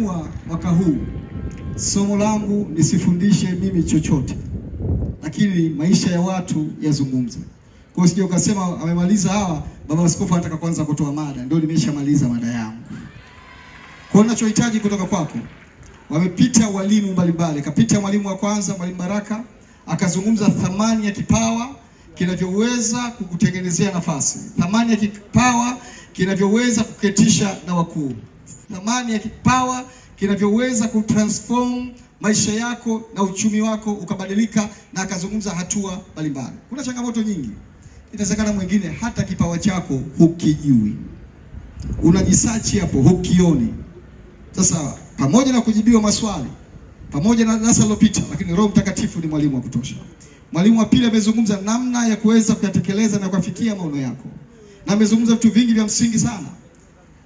nimeamua mwaka huu somo langu nisifundishe mimi chochote, lakini maisha ya watu yazungumze. Kwa hiyo sije ukasema amemaliza hawa, baba askofu anataka kwanza kutoa mada. Ndio, nimeshamaliza mada yangu. Kwa hiyo ninachohitaji kutoka kwako, wamepita walimu mbalimbali, kapita mwalimu wa kwanza, mwalimu Baraka akazungumza thamani ya kipawa kinavyoweza kukutengenezea nafasi, thamani ya kipawa kinavyoweza kuketisha na wakuu thamani ya kipawa kinavyoweza kutransform maisha yako na uchumi wako ukabadilika, na akazungumza hatua mbalimbali. Kuna changamoto nyingi, inawezekana mwingine hata kipawa chako hukijui, unajisachi hapo, hukioni. Sasa pamoja na kujibiwa maswali pamoja na darasa lilopita, lakini Roho Mtakatifu ni mwalimu wa kutosha. Mwalimu wa pili amezungumza namna ya kuweza kuyatekeleza na kuafikia maono yako, na amezungumza vitu vingi vya msingi sana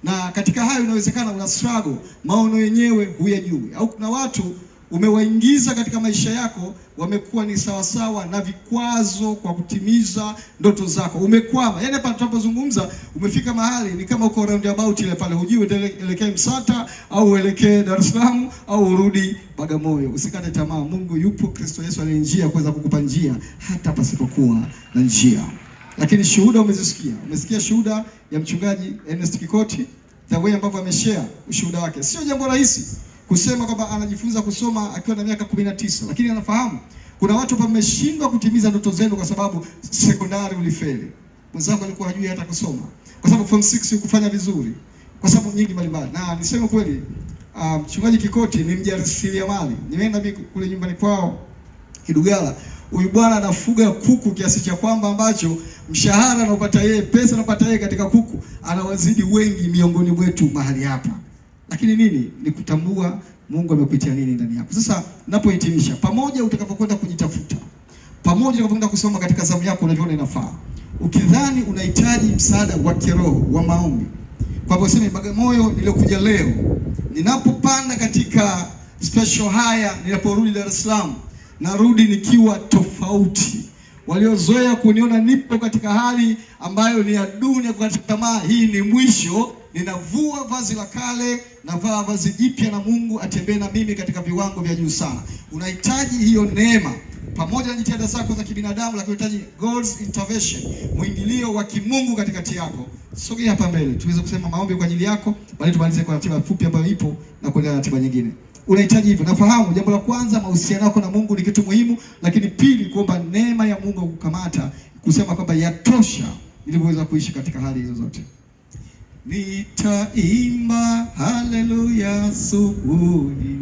na katika hayo inawezekana una struggle, maono yenyewe huyajui, au kuna watu umewaingiza katika maisha yako, wamekuwa ni sawasawa na vikwazo kwa kutimiza ndoto zako. Umekwama, yaani hapa tunapozungumza, umefika mahali ni kama uko round about ile pale, hujui uelekee Msata au uelekee Dar es Salaam au urudi Bagamoyo. Usikate tamaa, Mungu yupo, Kristo Yesu aliye njia kuweza kukupa njia hata pasipokuwa na njia. Lakini shuhuda umezisikia, umesikia shuhuda ya mchungaji Ernest Kikoti, the way ambavyo ameshare ushuhuda wake. Sio jambo rahisi kusema kwamba anajifunza kusoma akiwa na miaka 19, lakini anafahamu kuna watu ambao wameshindwa kutimiza ndoto zenu kwa sababu sekondari ulifeli, mwenzako alikuwa hajui hata kusoma, kwa sababu form 6 hukufanya vizuri, kwa sababu nyingi mbalimbali. Na niseme kweli, ah, mchungaji um, Kikoti ni mjasiriamali. Nimeenda kule nyumbani kwao Kidugala huyu bwana anafuga kuku kiasi cha kwamba ambacho mshahara anaopata yeye, pesa anapata yeye katika kuku anawazidi wengi miongoni mwetu mahali hapa. Lakini nini? Ni kutambua Mungu amekupitia nini ndani yako. Sasa napohitimisha, pamoja utakapokwenda kujitafuta, pamoja utakapokwenda kusoma katika zamu yako unavyoona inafaa, ukidhani unahitaji msaada wa kiroho wa maombi, kwa hivyo useme Bagamoyo, niliokuja leo ninapopanda katika special haya, ninaporudi Dar es Salaam narudi nikiwa tofauti. Waliozoea kuniona nipo katika hali ambayo ni ya duni, katika tamaa hii ni mwisho, ninavua vazi la kale, navaa vazi jipya, na Mungu atembee na mimi katika viwango vya juu sana. Unahitaji hiyo neema pamoja na jitihada zako za kibinadamu, lakini unahitaji God's intervention, mwingilio wa kimungu katikati yako. Sogea hapa mbele tuweze kusema maombi kwa ajili yako, bali tumalize kwa ratiba fupi ambayo ipo na kuendelea na ratiba nyingine unahitaji hivyo. Nafahamu jambo la kwanza, mahusiano yako na Mungu ni kitu muhimu, lakini pili, kuomba neema ya Mungu kukamata, kusema kwamba yatosha, ili uweze kuishi katika hali hizo zote. Nitaimba haleluya asubuhi